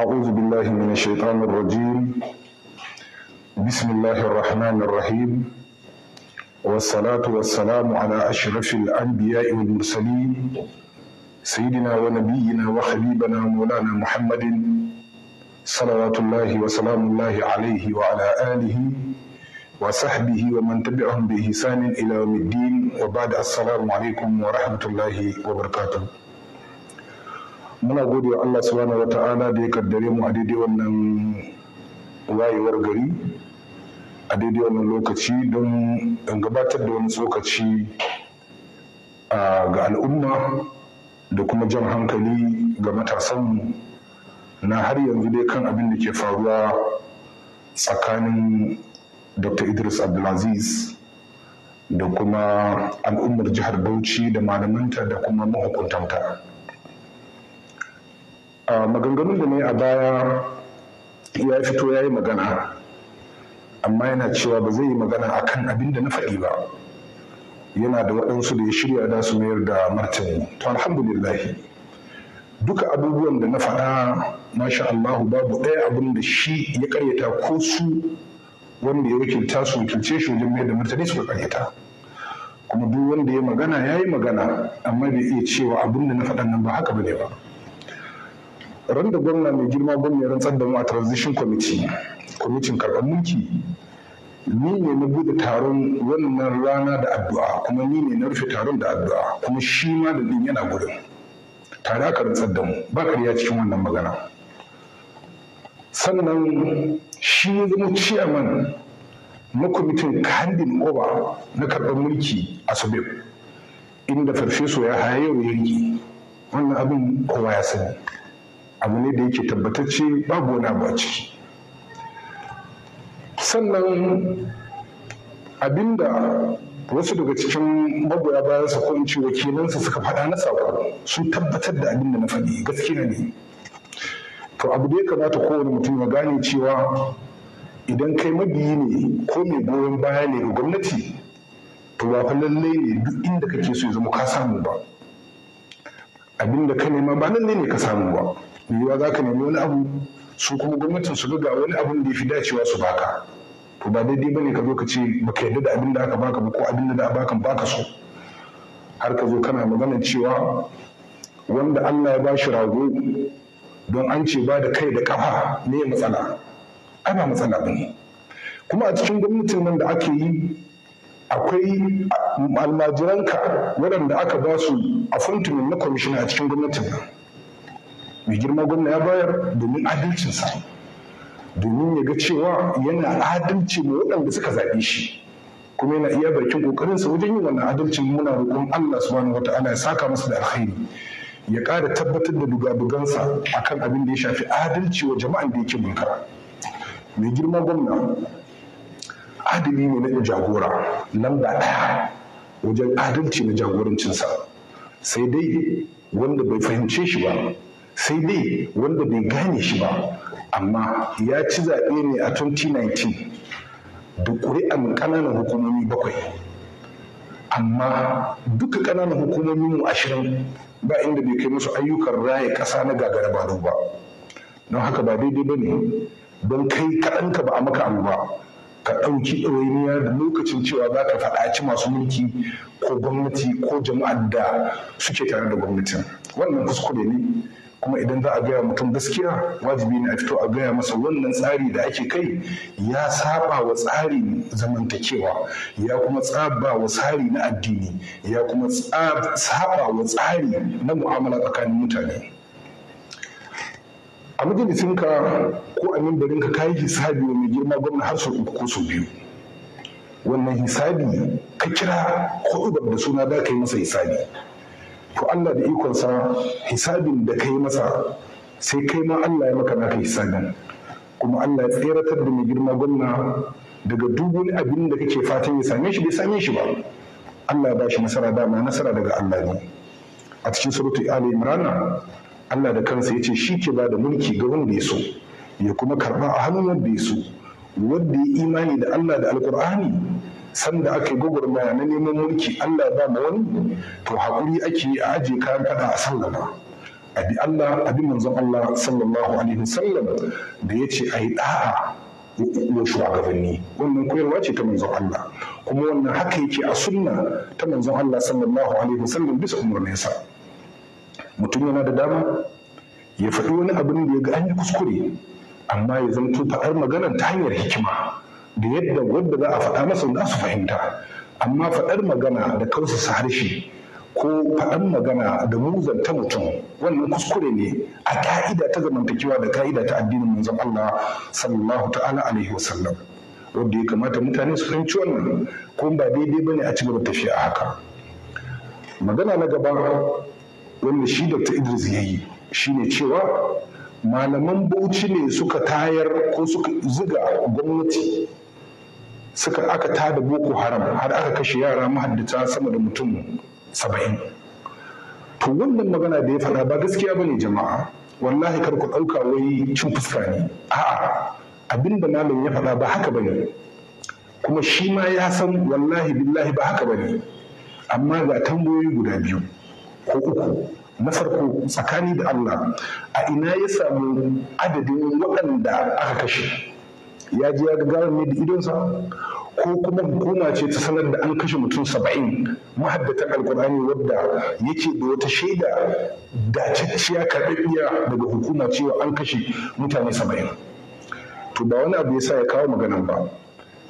أعوذ بالله من الشيطان الرجيم بسم الله الرحمن الرحيم والصلاة والسلام على أشرف الأنبياء والمرسلين سيدنا ونبينا وحبيبنا مولانا محمد صلوات الله وسلام الله عليه وعلى آله وصحبه ومن تبعهم بإحسان إلى يوم الدين وبعد السلام عليكم ورحمة الله وبركاته muna gode wa Allah subhanahu wa ta'ala da ya kaddare mu a daidai wannan wayewar gari a daidai wannan lokaci don in gabatar da wani tsokaci ga al'umma da kuma jan hankali ga matasanmu na har yanzu dai kan abin da ke faruwa tsakanin dr idris abdulaziz da kuma al'ummar jihar bauchi da malamanta da kuma mahukuntanta a maganganun da ne a baya ya fito ya yi magana amma yana cewa ba zai yi magana akan abin da na faɗi ba yana da waɗansu da ya shirya da su mayar da martani to alhamdulillah duka abubuwan da na faɗa masha Allahu babu ɗaya abin da shi ya karyata ko su wanda ya wakilta su wakilce shi wajen mayar da martani suka karyata kuma duk wanda ya magana ya yi magana amma bai iya cewa abin da na faɗan nan ba haka ba ne ba ran da gwamna mai girma gwamna ya rantsar da mu a transition committee kwamitin karɓar mulki ni ne na bude taron wannan rana da addu'a kuma ni ne na rufe taron da addu'a kuma shi ma da din yana gurin tare aka rantsar da mu ba karya cikin wannan magana sannan shi ya zama ciyaman na kwamitin kandin oba na karɓar mulki a subib inda farfeso ya haye ya riƙe wannan abin kowa ya sani abu ne da yake tabbatacce babu wani abu a ciki sannan abinda wasu daga cikin magoya bayansa ko cewa ce su suka faɗa na saƙo sun tabbatar da abinda na faɗi gaskiya ne to abu da ya kamata kowane mutum ya gane cewa idan kai mabiyi ne ko mai goyon baya ne ga gwamnati to ba fa lallai ne duk inda kake so ya zama ka samu ba abinda ka nema ba lallai ne ka samu ba yiwuwa za ka nemi wani abu su kuma gwamnatin su ga wani abun da ya fi dacewa su baka to ba daidai bane ka zo ka ce baka yarda da abin da aka baka ba ko abin da baka baka so har ka zo kana magana cewa wanda Allah ya ba shi rago don an ce ba da kai da kafa ne matsala ai ba matsala kuma a cikin gwamnatin nan da ake yi akwai almajiranka waɗanda aka ba su a na kwamishina a cikin gwamnatin nan mai girma gwamna ya bayar domin adalcinsa domin ya ga cewa yana adalci ma waɗanda suka zaɓe shi kuma yana iya bakin ƙoƙarinsa wajen yin wannan adalcin muna roƙon Allah subhanahu wata'ala ya saka masa da alkhairi ya ƙara tabbatar da bugabugansa akan abin da ya shafi adalci wa jama'an da yake mulka mai girma gwamna adali ne na jagora nan da ɗaya wajen adalci na jagorancinsa sai dai wanda bai fahimce shi ba sai dai wanda bai gane shi ba amma ya ci zaɓe ne a 2019 da ƙuri'an ƙananan hukumomi bakwai amma duka ƙananan hukumomin mu ashirin ba inda bai kai musu ayyukan raya ƙasa na gagara ba ba don haka ba daidai ba ne don kai kaɗan ka ba a maka abu ba ka ɗauki ɗawainiya da lokacin cewa za ka ci masu mulki ko gwamnati ko jama'ar da suke tare da gwamnatin wannan kuskure ne kuma idan za a gaya mutum gaskiya wajibi ne a fito a gaya masa wannan tsari da ake kai ya saba wa tsari zamantakewa ya kuma tsaba wa tsari na addini ya kuma saba wa tsari na mu'amala tsakanin mutane a ka ko a mimbarinka ka yi hisabi wa mai girma gwamna har sau uku ko sau biyu wannan hisabi ka kira ko da suna da ka yi masa hisabi to Allah da ikonsa hisabin da ka yi masa sai kai ma Allah ya maka naka hisabin kuma Allah ya tseratar da mai girma gwamna daga duk wani abin da kake fatan ya same shi bai same shi ba Allah ya ba shi nasara dama nasara daga Allah ne a cikin suratul Ali Imran Allah da kansa yace shi ke ba da mulki ga wanda ya so ya kuma karba a hannun wanda ya so wanda ya imani da Allah da Alkur'ani sanda aka yi gwagwarmaya na neman mulki Allah ba ma wani to hakuri ake yi a aje kayan faɗa a sallama abi Allah abi manzon Allah sallallahu alaihi wasallam da ya ce a yi ɗa'a wa shugabanni wannan koyarwa ce ta manzon Allah kuma wannan haka yake a sunna ta manzon Allah sallallahu alaihi wasallam bisa umarninsa mutum yana da dama ya faɗi wani abin da ya ga an yi kuskure amma ya zanto faɗar maganar ta hanyar hikima da yadda wadda za a faɗa masa za su fahimta amma faɗar magana da kausasa harshe ko faɗar magana da muzanta mutum wannan kuskure ne a ka'ida ta zamantakewa da ka'ida ta addinin manzon Allah sallallahu ta'ala alaihi wasallam wanda ya kamata mutane su fahimci wannan ko ba daidai ba ne a cigaba tafiya a haka magana na gaba wanda shi Dr. Idris ya yayi shine cewa malaman Bauchi ne suka tayar ko suka ziga gwamnati suka aka tada boko haram har aka kashe yara mahaddata sama da mutum saba'in to wannan magana da ya faɗa ba gaskiya ba ne jama'a wallahi kar ku ɗauka wai cin fuska ne a'a abin da malam ya faɗa ba haka bane kuma shi ma ya san wallahi billahi ba haka bane amma ga tambayoyi guda biyu ko uku na farko tsakani da Allah a ina ya samu adadin waɗanda aka kashe ya ji ya ga ne da idonsa ko kuma hukuma ce ta sanar da an kashe mutum saba'in mahaddatar alkur'ani wadda yake da wata shaida da dacacciya karɓaɓɓiya daga hukuma cewa an kashe mutane saba'in to ba wani abu ya sa ya kawo maganan ba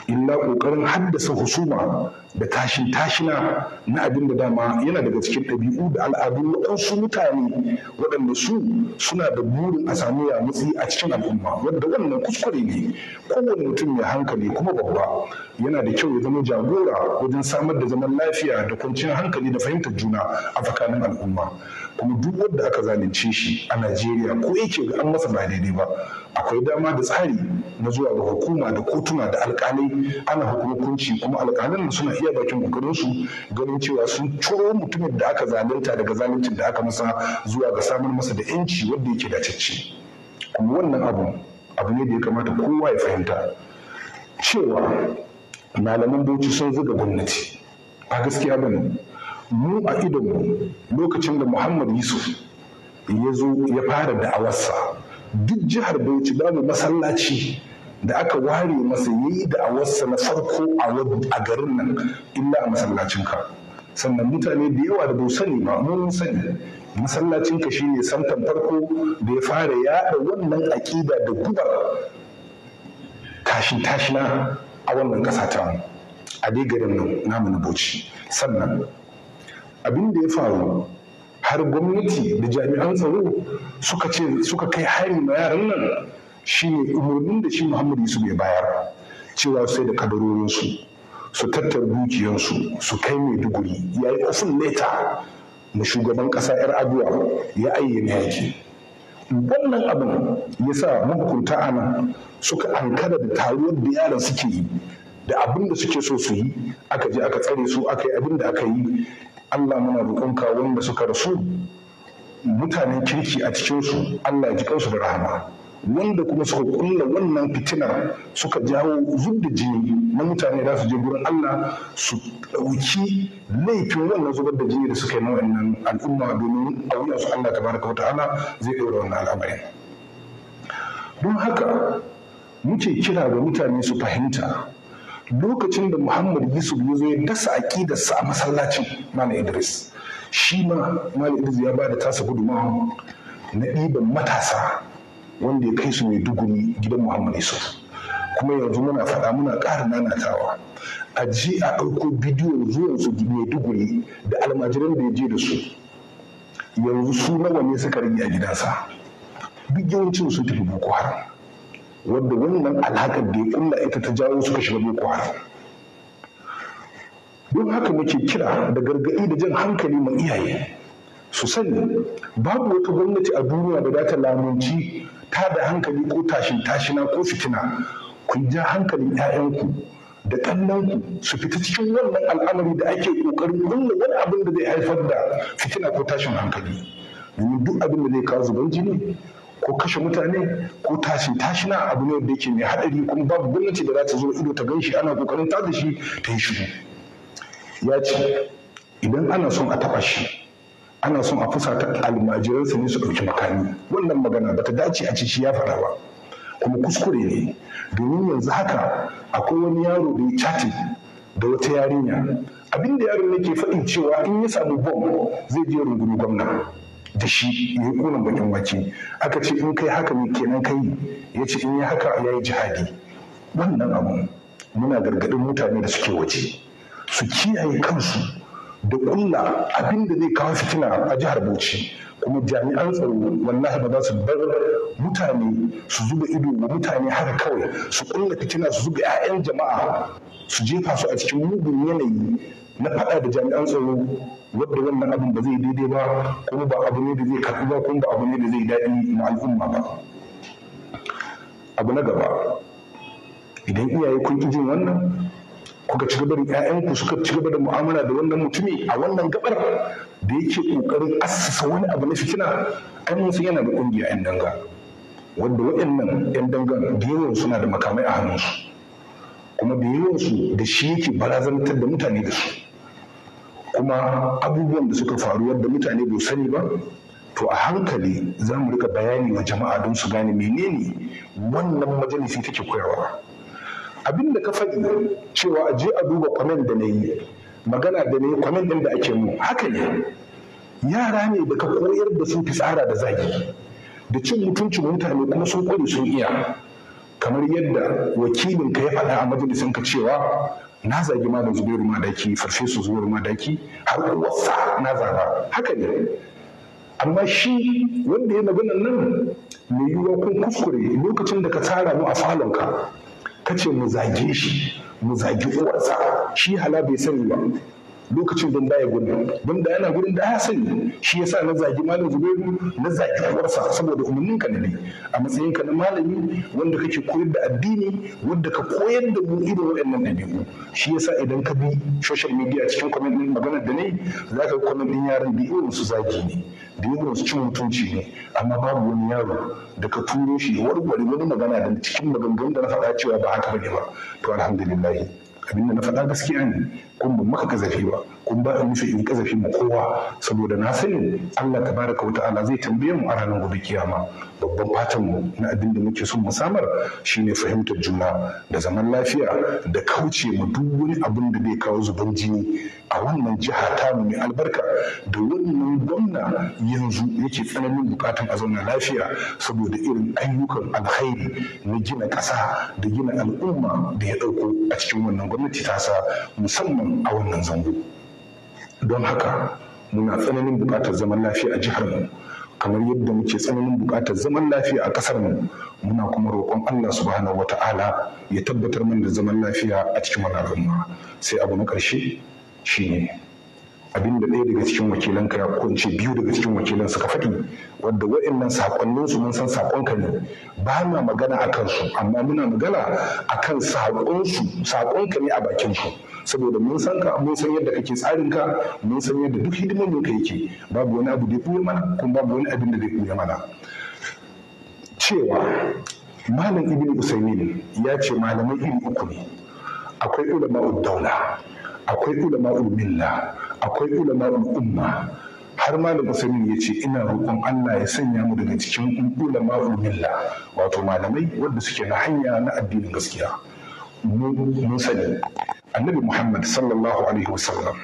illa ƙoƙarin haddasa husuma da tashin tashina na abin da dama yana daga cikin ɗabi'u da al'adun waɗansu mutane waɗanda su suna da burin a samu yamutsi a cikin al'umma wadda wannan kuskure ne kowane mutum mai hankali kuma babba yana da kyau ya zama jagora wajen samar da zaman lafiya da kwanciyar hankali da fahimtar juna a tsakanin al'umma kuma duk wanda aka zalunce shi a Najeriya ko yake ga an masa ba daidai ba akwai dama da tsari na zuwa ga hukuma da kotuna da alkalai ana hukunci kuma alkalan suna iya bakin kokarin su ganin cewa sun ciro mutumin da aka zalunta daga zaluncin da aka masa zuwa ga samun masa da yanci wanda yake dacacce kuma wannan abu abu ne da ya kamata kowa ya fahimta cewa malaman bauchi sun zuga gwamnati a gaskiya bane mu a idonmu lokacin da muhammad yusuf ya zo ya fara da awarsa, duk jihar bauchi babu masallaci da aka ware masa ya yi awarsa na farko a garin nan illa a masallacin ka sannan mutane da yawa da ba sani ba mun sani masallacin ka shine santan farko da ya fara yaɗa wannan aƙida da gubar kashin tashina a wannan ƙasa ta a dai garin nan namu na bauchi sannan abin da ya faru har gwamnati da jami'an tsaro suka ce suka kai hari na yaran nan shine umarnin da shi Muhammad Yusuf ya bayar cewa sai da kadarorinsu su tattara dukiyarsu su kai Maiduguri ya yi ofin leta na shugaban ƙasa 'yar aduwa ya ayyana yaki wannan abin ya sa mahukunta a nan suka ankara da taruwar da yaran suke yi da abin da suke so su yi aka je aka tsare su aka yi abin da aka yi Allah muna roƙonka wanda suka rasu mutanen kirki a cikinsu Allah ya ji kansu da rahama wanda kuma suka kulla wannan fitinar suka jawo zub da jini na mutane za su je gurin Allah su ɗauki laifin wannan zubar da jini da suka yi na wannan al'umma domin a wuya su Allah tabaraka wa ta'ala zai ɗora wannan al'amarin don haka muke kira ga mutane su fahimta lokacin da muhammad yusuf ya zo ya dasa aƙidarsa a masallacin malam idris shi ma malam idris ya ba da tasa gudunmawa na ɗiban matasa wanda ya kai su mai dugumi gidan muhammad yusuf kuma yanzu muna faɗa muna ƙara nanatawa a je a ɗauko bidiyon zuwan su mai dugumi da almajiran da ya je da su yanzu su nawa ne suka rage a gidansa duk yawancin sun tafi boko haram wadda wannan alaƙar da ya kulla ita ta jawo suka shiga boko haram don haka muke kira da gargaɗi da jan hankali mai iyaye su sani babu wata gwamnati a duniya da za ta lamunci ta da hankali ko tashin tashina ko fitina ku ja hankalin 'ya'yanku da ƙannanku su fita cikin wannan al'amari da ake ƙoƙarin kulle wani abin da zai haifar da fitina ko tashin hankali domin duk abin da zai kawo zuban jini ko kashe mutane ko tashi tashi na abu ne da yake mai haɗari kuma babu gwamnati da za ta zo ido ta ganshi ana kokarin ta da shi ta yi shiru ya ce idan ana son a taɓa shi ana son a fusata almajiransa ne su ɗauki makami wannan magana ba ta dace a ce shi ya faɗa ba kuma kuskure ne domin yanzu haka akwai wani yaro da ya cati da wata yarinya abinda yaron yake faɗin cewa in ya samu bom zai je rungumi gwamna da shi ya yi kunan bakin wake aka ce in kai haka ne kenan kai ya ce in yi haka ya yi jihadi wannan abu muna gargadin mutane da suke waje su kiyaye kansu da kulla abin da zai kawo fitina a jihar bauchi kuma jami'an tsaro wallahi ba za su bar mutane su zuba ido wa mutane haka kawai su kulla fitina su zuba 'ya'yan jama'a su jefa su a cikin mugun yanayi na faɗa da jami'an tsaro wadda wannan abin ba zai daidai ba kuma ba abu ne da zai karɓi ba kuma ba abu ne da zai daɗi ma al'umma ba abu na gaba idan iyaye kun ƙi jin wannan kuka ci gaba da ƴaƴanku suka ci gaba da mu'amala da wannan mutumi a wannan gabar da yake ƙoƙarin assasa wani abu na fitina ai mun san yana da ƙungiya 'yan danga wanda waɗannan 'yan dangan da yawan suna da makamai a hannunsu kuma da su da shi yake barazantar da mutane da su kuma abubuwan da suka faru wadda mutane bai sani ba to a hankali za mu rika bayani wa jama'a don su gane menene wannan majalisi take koyarwa abin da ka faɗi cewa a je a duba kwamen da na yi magana da na yi kwamen ɗin da ake mu haka ne yara ne da ka koyar da sun fi tsara da zagi da cin mutuncin mutane kuma sun kware sun iya kamar yadda wakilinka ya faɗa a majalisinka cewa na zagi malam zubairu madaki farfesu zubairu madaki har uwarsa na zaba haka ne amma shi wanda ya maganan nan mai yiwuwa kun kuskure lokacin da ka tsara mu a falonka ka ce mu zage shi mu zagi uwarsa shi hala bai sani ba lokacin don ya gudu da yana gudun da hasin shi yasa na zagi malam zubairu na zagi uwarsa saboda umarnin ka ne a matsayin ka na malami wanda kake koyar da addini wanda ka koyar da mu irin waɗannan ɗabi'u shi yasa idan ka bi social media cikin comment din maganar da ne za ka comment din yaran da irin su zagi ne da irin su cin mutunci ne amma babu wani yaro da ka turo shi warware wani magana da cikin maganganun da na faɗa cewa ba haka bane ba to alhamdulillah abinda na faɗa gaskiya ne kun ban maka kazafi ba kun ba musu in kazafi mu kowa saboda na sani Allah tabaraka wa ta'ala zai tambaye mu a ranar gobe kiyama babban fatan mu na abin da muke son mu samar shine fahimtar juna da zaman lafiya da kauce mu duk wani abin da zai kawo zuban jini a wannan jiha ta mu mai albarka da wannan gwamna yanzu yake tsananin bukatan a zauna lafiya saboda irin ayyukan alkhairi na gina ƙasa da gina al'umma da ya ɗauko a cikin wannan gwamnati tasa musamman a wannan zango. don haka muna tsananin buƙatar zaman lafiya a jihar mu kamar yadda muke tsananin buƙatar zaman lafiya a ƙasar mu muna kuma roƙon Allah subhanahu wata'ala ya tabbatar mana da zaman lafiya a cikin wannan al'umma sai abu na ƙarshe shine abin da ɗaya daga cikin wakilanka ya ko biyu daga cikin wakilan suka faɗi wadda wa'annan sakonnin su mun san ka ne ba na magana a kansu amma muna magana a kan sakonsu ka ne a bakin su saboda mun san ka mun san yadda kake tsarin ka mun san yadda duk hidimomin ka yake babu wani abu da ya mana kuma babu wani abin da zai buya mana cewa malam ibn usaimin ya ce malamai iri uku ne akwai ulama daula akwai ulama milla akwai ulama'ul umma har malam usaimin ya ce ina roƙon Allah ya sanya mu daga cikin ulama milla wato malamai wanda suke na hanya na addinin gaskiya mun annabi muhammad sallallahu alaihi wasallam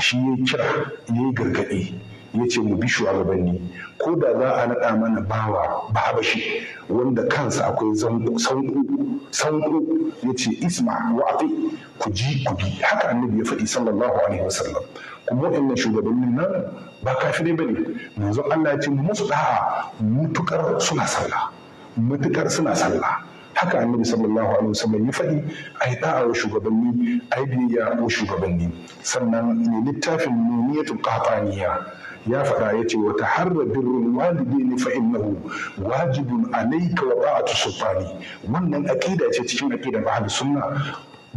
shi ya kira ya yi gargaɗi ya ce mu bi shugabanni ko da za a naɗa mana bawa ba habashi wanda kansa akwai sanku ya ce isma wa ku ji ku bi haka annabi ya faɗi sallallahu alaihi wasallam kuma na shugabannin nan ba kafirai ba ne yanzu allah ya ce musu da'a mutukar suna sallah mutukar suna sallah haka annabi sallallahu alaihi wasallam ya faɗi a yi da'a wa shugabanni a yi biyayya wa shugabanni sannan ne littafin nuniyatul qahtaniya ya faɗa ya ce wata harra birrul walidaini fa innahu wajibun alayka wa ta'atu sultani wannan aqida ce cikin aqidan ahlus sunna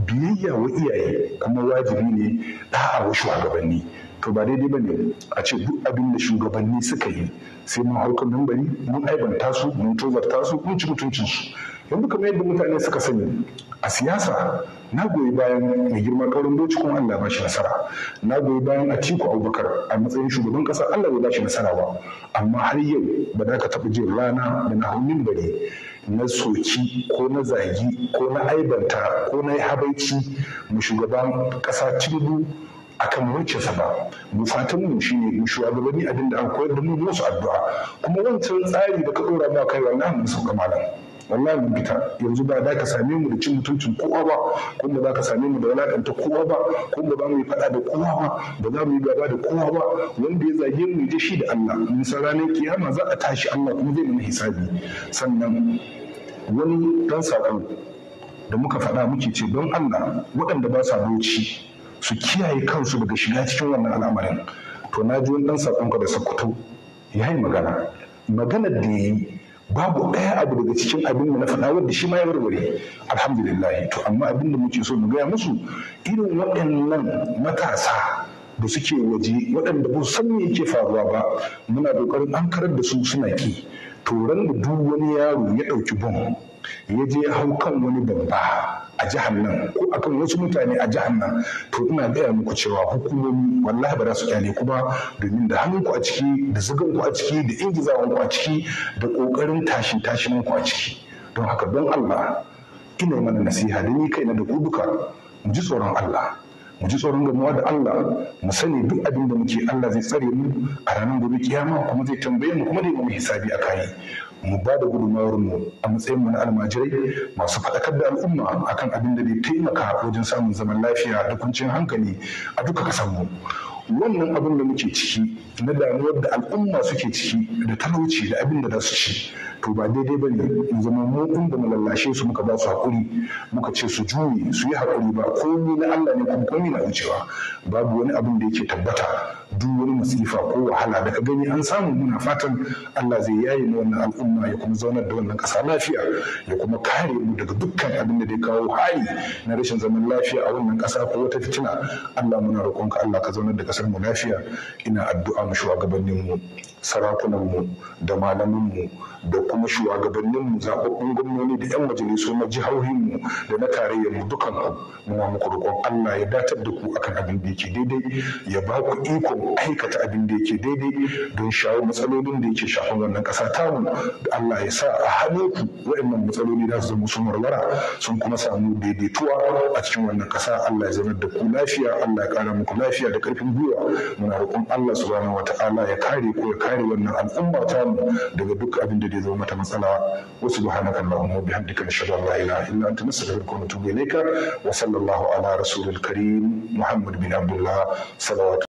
biyayya wa iyaye kuma wajibi ne da'a wa shugabanni to ba daidai ba ne a ce duk abin da shugabanni suka yi sai mun hauka bari mun aibanta su mun tozarta su mun ci mutuncin su yanzu kamar yadda mutane suka sani a siyasa na goyi bayan mai girma kaurin doci kuma Allah ba shi nasara na goyi bayan a Atiku Abubakar a matsayin shugaban ƙasa Allah bai ba shi nasara ba amma har yau ba za ka taɓa jin rana da na hannun bari na soki ko na zagi ko na aibanta ko na habaici mu shugaban kasa Tinubu akan sa ba mu fatan mu ne mu shugabanni abinda an koyar da mu musu addu'a kuma wancan tsari da ka ɗora ba kai wannan mu sauka malam wallahi mun fita yanzu ba za ka same mu da cin mutuncin kowa ba kuma za ka same mu da wulakanta kowa ba kuma ba mu yi faɗa da kowa ba ba za mu yi gaba da kowa ba wanda ya zage mu je shi da Allah mun san ranar kiyama za a tashi Allah kuma zai mana hisabi sannan wani dan sako da muka faɗa muke ce don Allah waɗanda ba sa bauchi su kiyaye kansu daga shiga cikin wannan al'amarin to na ji wani dan sakonka da sakuto ya yi magana maganar da ya yi babu ɗaya abu daga cikin abin da na faɗa wanda shi ma ya warware alhamdulillah to amma abin da muke so mu gaya musu irin waɗannan matasa da suke waje waɗanda ba san me yake faruwa ba muna ƙoƙarin an karar da su suna ki to ran da duk wani yaro ya ɗauki bom ya je hau kan wani babba a jihar nan ko akan wasu mutane a jihar nan to ina gaya muku cewa hukumomi wallahi ba za su kyale ku ba domin da hannunku a ciki da zuganku a ciki da ingizawanku a ciki da kokarin tashin tashinanku a ciki don haka don Allah ina mana nasiha da ni kaina da ku duka mu ji tsoron Allah mu ji tsoron gamuwa da Allah mu sani duk abin da muke Allah zai tsare mu a ranar gobe kiyama kuma zai tambaye mu kuma zai mu hisabi a kai mu ba da gudunmawar mu a matsayin mu na almajirai masu faɗakar da al'umma akan abin da bai taimaka wajen samun zaman lafiya da kuncin hankali a duka kasar mu wannan abin da muke ciki na damuwar da al'umma suke ciki da talauci da abin da za su ci to ba daidai ba ne in zama mu inda mu lallashe su muka ba su haƙuri muka ce su juye su yi haƙuri ba komi na Allah ne kuma komi na wucewa babu wani abin da yake tabbata duk wani masifa ko wahala daga gani an samu muna fatan Allah zai yaye na wannan al'umma ya kuma zaunar da wannan ƙasa lafiya ya kuma kare mu daga dukkan abin da zai kawo hayi na rashin zaman lafiya a wannan ƙasa ko wata fitina Allah muna roƙonka Allah ka zaunar da ƙasar mu lafiya ina addu'a mu shugabannin mu sarakunanmu da malamanmu da kuma shugabanninmu zaɓaɓɓun gwamnoni da 'yan majalisu na jihohinmu da na tarayyarmu dukan abu muna muku roƙon Allah ya datar da ku akan abin da yake daidai ya ba ku ikon aikata abin da yake daidai don shawo matsalolin da yake shafan wannan ƙasa tamu da Allah ya sa a ku waɗannan matsaloli za su zama sun warwara sun kuma samu daidaituwa a cikin wannan ƙasa Allah ya zama da ku lafiya Allah ya ƙara muku lafiya da ƙarfin gwiwa muna roƙon Allah subhanahu wata'ala ya kare ku ya kare kare wannan al'umma ta mu daga duk abin da zai zama mata matsala wa subhanaka allahumma bihamdika nashhadu an la ilaha illa anta nastaghfiruka wa natubu ilayka wa sallallahu ala rasulil karim muhammad bin abdullah salawat